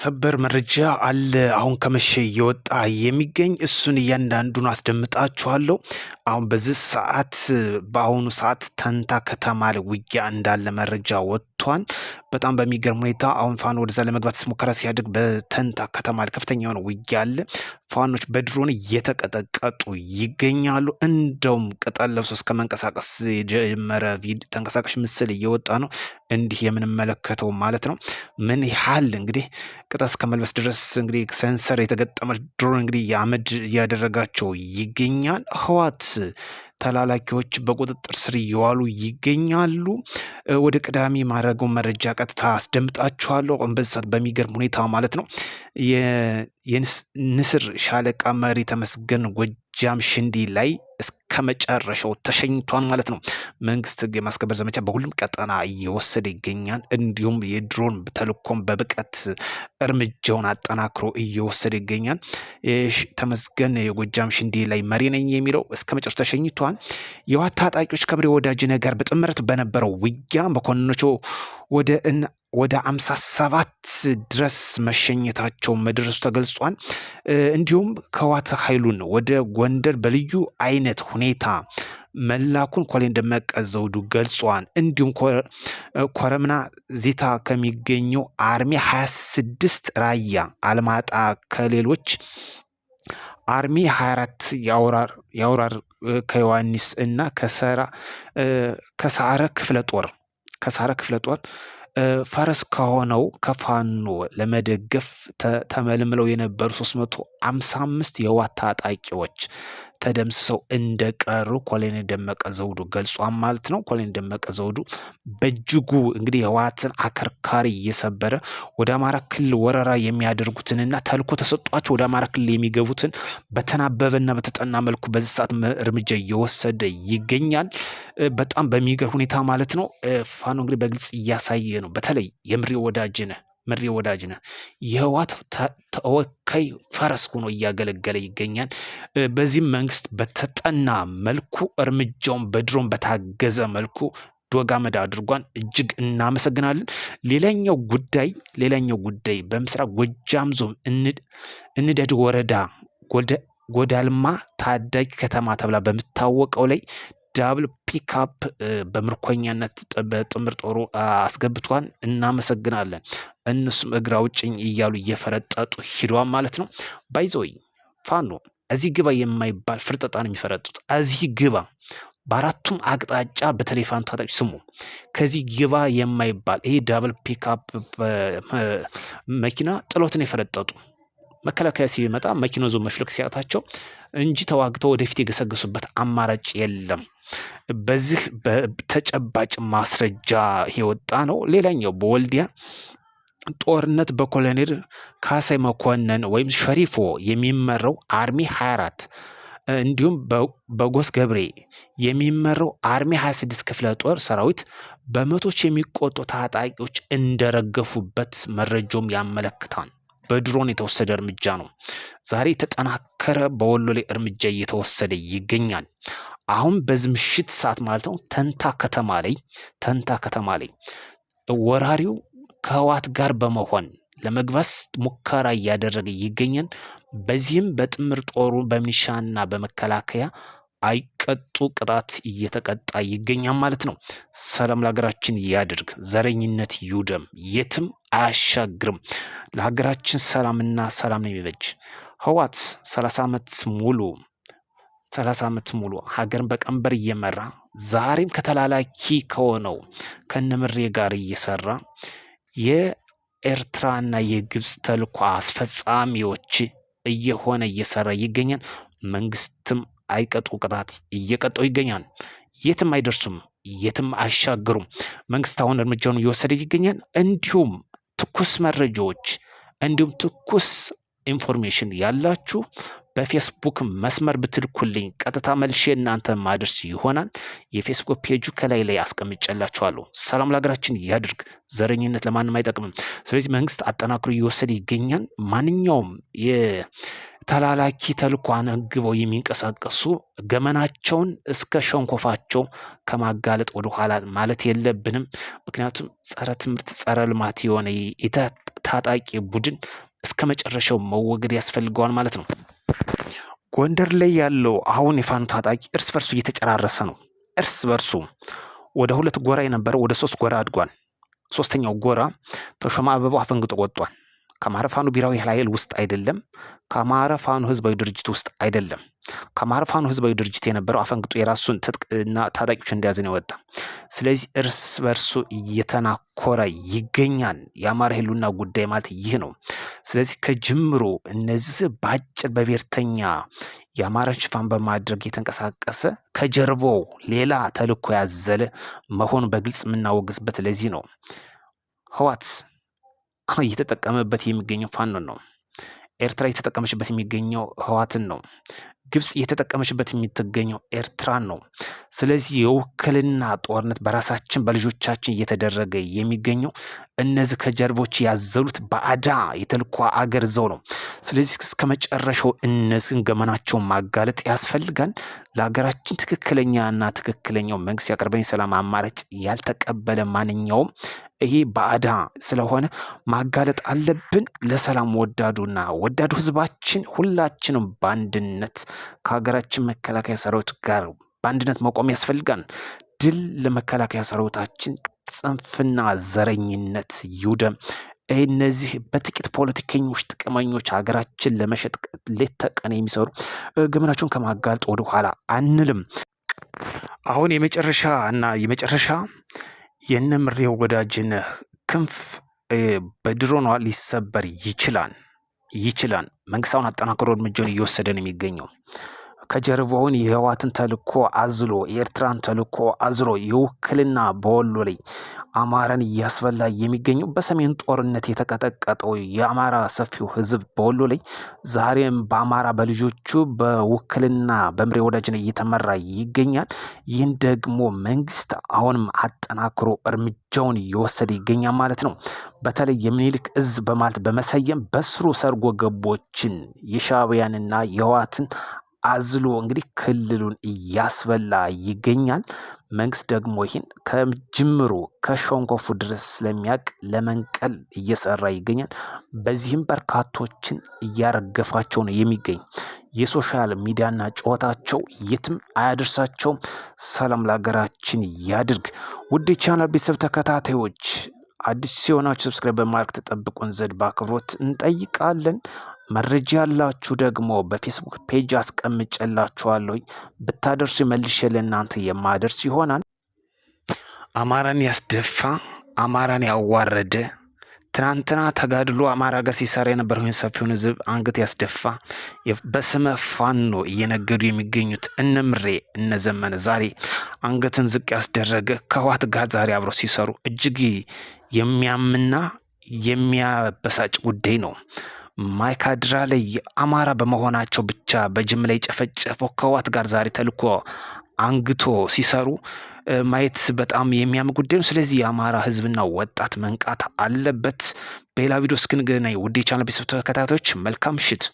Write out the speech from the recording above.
ሰበር መረጃ አለ። አሁን ከመሸ እየወጣ የሚገኝ እሱን እያንዳንዱን አስደምጣችኋለሁ። አሁን በዚህ ሰዓት በአሁኑ ሰዓት ተንታ ከተማ ላይ ውጊያ እንዳለ መረጃ ወጥቷል። በጣም በሚገርም ሁኔታ አሁን ፋኖ ወደዛ ለመግባት ሙከራ ሲያደርግ በተንታ ከተማ ከፍተኛ የሆነ ውጊያ አለ። ፋኖች በድሮን እየተቀጠቀጡ ይገኛሉ። እንደውም ቅጠል ለብሶ እስከ መንቀሳቀስ የጀመረ ተንቀሳቃሽ ምስል እየወጣ ነው። እንዲህ የምንመለከተው ማለት ነው። ምን ያህል እንግዲህ ቅጠል እስከ መልበስ ድረስ እንግዲህ ሰንሰር የተገጠመ ድሮን እንግዲህ የአመድ እያደረጋቸው ይገኛል። ህዋት ተላላኪዎች በቁጥጥር ስር እየዋሉ ይገኛሉ። ወደ ቅዳሜ ማድረገውን መረጃ ቀጥታ አስደምጣችኋለሁ። በሚገርም ሁኔታ ማለት ነው የንስር ሻለቃ መሪ ተመስገን ጎጃም ሽንዲ ላይ እስከ መጨረሻው ተሸኝቷል ማለት ነው። መንግስት ህግ የማስከበር ዘመቻ በሁሉም ቀጠና እየወሰደ ይገኛል። እንዲሁም የድሮን ተልእኮን በብቀት እርምጃውን አጠናክሮ እየወሰደ ይገኛል። ተመስገን የጎጃም ሽንዲ ላይ መሪ ነኝ የሚለው እስከ መጨረሻው ተሸኝቷል። የዋት ታጣቂዎች ከብሬ ወዳጅ ነገር በጥምረት በነበረው ውጊያ መኮንኖቹ ወደ ወደ አምሳ ሰባት ድረስ መሸኘታቸው መድረሱ ተገልጿል። ገጿን እንዲሁም ከዋት ኃይሉን ወደ ጎንደር በልዩ አይነት ሁኔታ መላኩን ኮሎኔል ደመቀ ዘውዱ ገልጿል። እንዲሁም ኮረምና ዜታ ከሚገኙ አርሜ 26 ራያ አልማጣ ከሌሎች አርሜ 24 የአውራር ከዮሐንስ እና ከሳረ ክፍለ ጦር ከሳረ ክፍለ ጦር ፈረስ ከሆነው ከፋኖ ለመደገፍ ተመልምለው የነበሩ 355 የዋት ታጣቂዎች ተደምስሰው እንደቀሩ ኮሎኔል ደመቀ ዘውዱ ገልጿል ማለት ነው። ኮሎኔል ደመቀ ዘውዱ በእጅጉ እንግዲህ የህወሓትን አከርካሪ እየሰበረ ወደ አማራ ክልል ወረራ የሚያደርጉትንና ተልኮ ተሰጧቸው ወደ አማራ ክልል የሚገቡትን በተናበበና በተጠና መልኩ በዚህ ሰዓት እርምጃ እየወሰደ ይገኛል። በጣም በሚገር ሁኔታ ማለት ነው። ፋኖ እንግዲህ በግልጽ እያሳየ ነው። በተለይ የምሬ ወዳጅነ። ምሬ ወዳጅ ነ የህወሓት ተወካይ ፈረስ ሆኖ እያገለገለ ይገኛል። በዚህም መንግስት በተጠና መልኩ እርምጃውን በድሮን በታገዘ መልኩ ዶጋመድ አድርጓን እጅግ እናመሰግናለን። ሌላኛው ጉዳይ ሌላኛው ጉዳይ በምስራቅ ጎጃም ዞን እንደድ ወረዳ ጎዳልማ ታዳጊ ከተማ ተብላ በምታወቀው ላይ ዳብል ፒካፕ በምርኮኛነት በጥምር ጦሩ አስገብቷን እናመሰግናለን። እነሱም እግራ ውጭኝ እያሉ እየፈረጠጡ ሂደዋን ማለት ነው። ባይዘወይ ፋኖ እዚህ ግባ የማይባል ፍርጠጣን የሚፈረጡት እዚህ ግባ በአራቱም አቅጣጫ በተለይ ፋኖ ታጣቂ ስሙ፣ ከዚህ ግባ የማይባል ይህ ዳብል ፒካፕ መኪና ጥሎትን የፈረጠጡ መከላከያ ሲመጣ መኪና ዞ መሽለክ ሲያቅታቸው እንጂ ተዋግተው ወደፊት የገሰገሱበት አማራጭ የለም። በዚህ በተጨባጭ ማስረጃ የወጣ ነው። ሌላኛው በወልዲያ ጦርነት በኮሎኔል ካሳይ መኮንን ወይም ሸሪፎ የሚመራው አርሚ 24 እንዲሁም በጎስ ገብሬ የሚመራው አርሚ 26 ክፍለ ጦር ሰራዊት በመቶች የሚቆጡ ታጣቂዎች እንደረገፉበት መረጃውም ያመለክታል። በድሮን የተወሰደ እርምጃ ነው። ዛሬ የተጠናከረ በወሎ ላይ እርምጃ እየተወሰደ ይገኛል። አሁን በዚህ ምሽት ሰዓት ማለት ነው ተንታ ከተማ ላይ ተንታ ከተማ ላይ ወራሪው ከህዋት ጋር በመሆን ለመግባስ ሙከራ እያደረገ ይገኛል። በዚህም በጥምር ጦሩ በሚሊሻና በመከላከያ አይቀጡ ቅጣት እየተቀጣ ይገኛል ማለት ነው። ሰላም ለሀገራችን ያድርግ። ዘረኝነት ይውደም፣ የትም አያሻግርም። ለሀገራችን ሰላምና ሰላም ነው የሚበጅ። ህወሓት ሰላሳ ዓመት ሙሉ ሰላሳ ዓመት ሙሉ ሀገርን በቀንበር እየመራ ዛሬም ከተላላኪ ከሆነው ከነምሬ ጋር እየሰራ የኤርትራና የግብፅ ተልኮ አስፈጻሚዎች እየሆነ እየሰራ ይገኛል። መንግስትም አይቀጡ ቅጣት እየቀጡ ይገኛል። የትም አይደርሱም፣ የትም አይሻገሩም። መንግስት አሁን እርምጃውን እየወሰደ ይገኛል። እንዲሁም ትኩስ መረጃዎች እንዲሁም ትኩስ ኢንፎርሜሽን ያላችሁ በፌስቡክ መስመር ብትልኩልኝ ቀጥታ መልሼ እናንተ ማድረስ ይሆናል። የፌስቡክ ፔጁ ከላይ ላይ አስቀምጨላችኋለሁ። ሰላም ለሀገራችን ያድርግ። ዘረኝነት ለማንም አይጠቅምም። ስለዚህ መንግስት አጠናክሮ እየወሰደ ይገኛል። ማንኛውም ተላላኪ ተልኳን ግበው የሚንቀሳቀሱ ገመናቸውን እስከ ሸንኮፋቸው ከማጋለጥ ወደኋላ ማለት የለብንም። ምክንያቱም ጸረ ትምህርት፣ ጸረ ልማት የሆነ ታጣቂ ቡድን እስከ መጨረሻው መወገድ ያስፈልገዋል ማለት ነው። ጎንደር ላይ ያለው አሁን የፋኖ ታጣቂ እርስ በርሱ እየተጨራረሰ ነው። እርስ በርሱ ወደ ሁለት ጎራ የነበረ ወደ ሶስት ጎራ አድጓል። ሶስተኛው ጎራ ተሾመ አበባው አፈንግጦ ወጥቷል። ከአማራ ፋኖ ብሔራዊ ኃይል ውስጥ አይደለም። ከአማራ ፋኖ ህዝባዊ ድርጅት ውስጥ አይደለም። ከአማራ ፋኖ ህዝባዊ ድርጅት የነበረው አፈንግጦ የራሱን ትጥቅ እና ታጣቂዎች እንደያዘ ነው የወጣ። ስለዚህ እርስ በርሱ እየተናኮረ ይገኛል። የአማራ ህሉና ጉዳይ ማለት ይህ ነው። ስለዚህ ከጅምሮ እነዚህ በአጭር በብሔርተኛ የአማራን ሽፋን በማድረግ የተንቀሳቀሰ ከጀርባው ሌላ ተልኮ ያዘለ መሆኑን በግልጽ የምናወግዝበት ለዚህ ነው ህዋት እየተጠቀመበት የሚገኘው ፋኖን ነው። ኤርትራ እየተጠቀመችበት የሚገኘው ህዋትን ነው። ግብፅ እየተጠቀመችበት የምትገኘው ኤርትራን ነው። ስለዚህ የውክልና ጦርነት በራሳችን በልጆቻችን እየተደረገ የሚገኘው እነዚህ ከጀርቦች ያዘሉት በአዳ የተልኳ አገር ዘው ነው። ስለዚህ እስከ መጨረሻው እነዚህን ገመናቸውን ማጋለጥ ያስፈልጋል። ለሀገራችን ትክክለኛና ትክክለኛው መንግስት ያቀርበን ሰላም አማራጭ ያልተቀበለ ማንኛውም ይሄ በአዳ ስለሆነ ማጋለጥ አለብን። ለሰላም ወዳዱና ወዳዱ ህዝባችን ሁላችንም በአንድነት ከሀገራችን መከላከያ ሰራዊት ጋር በአንድነት መቆም ያስፈልጋል። ድል ለመከላከያ ሰራዊታችን። ጽንፍና ዘረኝነት ይውደም። እነዚህ በጥቂት ፖለቲከኞች፣ ጥቅመኞች ሀገራችን ለመሸጥ ሌት ተቀን የሚሰሩ ገመናቸውን ከማጋልጥ ወደ ኋላ አንልም። አሁን የመጨረሻ እና የመጨረሻ የነ ምሬው ወዳጅነህ ክንፍ በድሮኗ ሊሰበር ይችላል ይችላል። መንግስታውን አጠናክሮ እርምጃውን እየወሰደ ነው የሚገኘው። ከጀርባውን የህዋትን ተልኮ አዝሎ የኤርትራን ተልኮ አዝሎ የውክልና በወሎ ላይ አማራን እያስበላ የሚገኘው በሰሜን ጦርነት የተቀጠቀጠው የአማራ ሰፊው ህዝብ በወሎ ላይ ዛሬም በአማራ በልጆቹ በውክልና በምሬ ወዳጅን እየተመራ ይገኛል። ይህን ደግሞ መንግስት አሁንም አጠናክሮ እርምጃውን እየወሰደ ይገኛል ማለት ነው። በተለይ የምኒልክ እዝ በማለት በመሰየም በስሩ ሰርጎ ገቦችን የሻዕቢያንና የህዋትን አዝሎ እንግዲህ ክልሉን እያስበላ ይገኛል። መንግስት ደግሞ ይህን ከጅምሩ ከሸንኮፉ ድረስ ስለሚያውቅ ለመንቀል እየሰራ ይገኛል። በዚህም በርካቶችን እያረገፋቸው ነው የሚገኝ። የሶሻል ሚዲያና ጨዋታቸው የትም አያደርሳቸውም። ሰላም ለሀገራችን ያድርግ። ውድ ቻናል ቤተሰብ ተከታታዮች አዲስ የሆናችሁ ሰብስክራይብ በማድረግ ተጠብቁን ዘንድ በአክብሮት እንጠይቃለን። መረጃ ያላችሁ ደግሞ በፌስቡክ ፔጅ አስቀምጨላችኋለሁ። ብታደርሱ መልሼ ለእናንተ የማደርስ ይሆናል። አማራን ያስደፋ አማራን ያዋረደ ትናንትና ተጋድሎ አማራ ጋር ሲሰራ የነበረውን ሰፊውን ሕዝብ አንገት ያስደፋ በስመ ፋኖ እየነገዱ የሚገኙት እነምሬ እነዘመነ ዛሬ አንገትን ዝቅ ያስደረገ ከህወሓት ጋር ዛሬ አብረው ሲሰሩ እጅግ የሚያምና የሚያበሳጭ ጉዳይ ነው። ማይካድራ ላይ የአማራ በመሆናቸው ብቻ በጅምላ የጨፈጨፈው ከህወሓት ጋር ዛሬ ተልኮ አንግቶ ሲሰሩ ማየት በጣም የሚያም ጉዳይ ነው። ስለዚህ የአማራ ህዝብና ወጣት መንቃት አለበት። በሌላ ቪዲዮ እስክንገናኝ ውድ የቻናል ቤተሰብ ተከታታዮች መልካም ምሽት።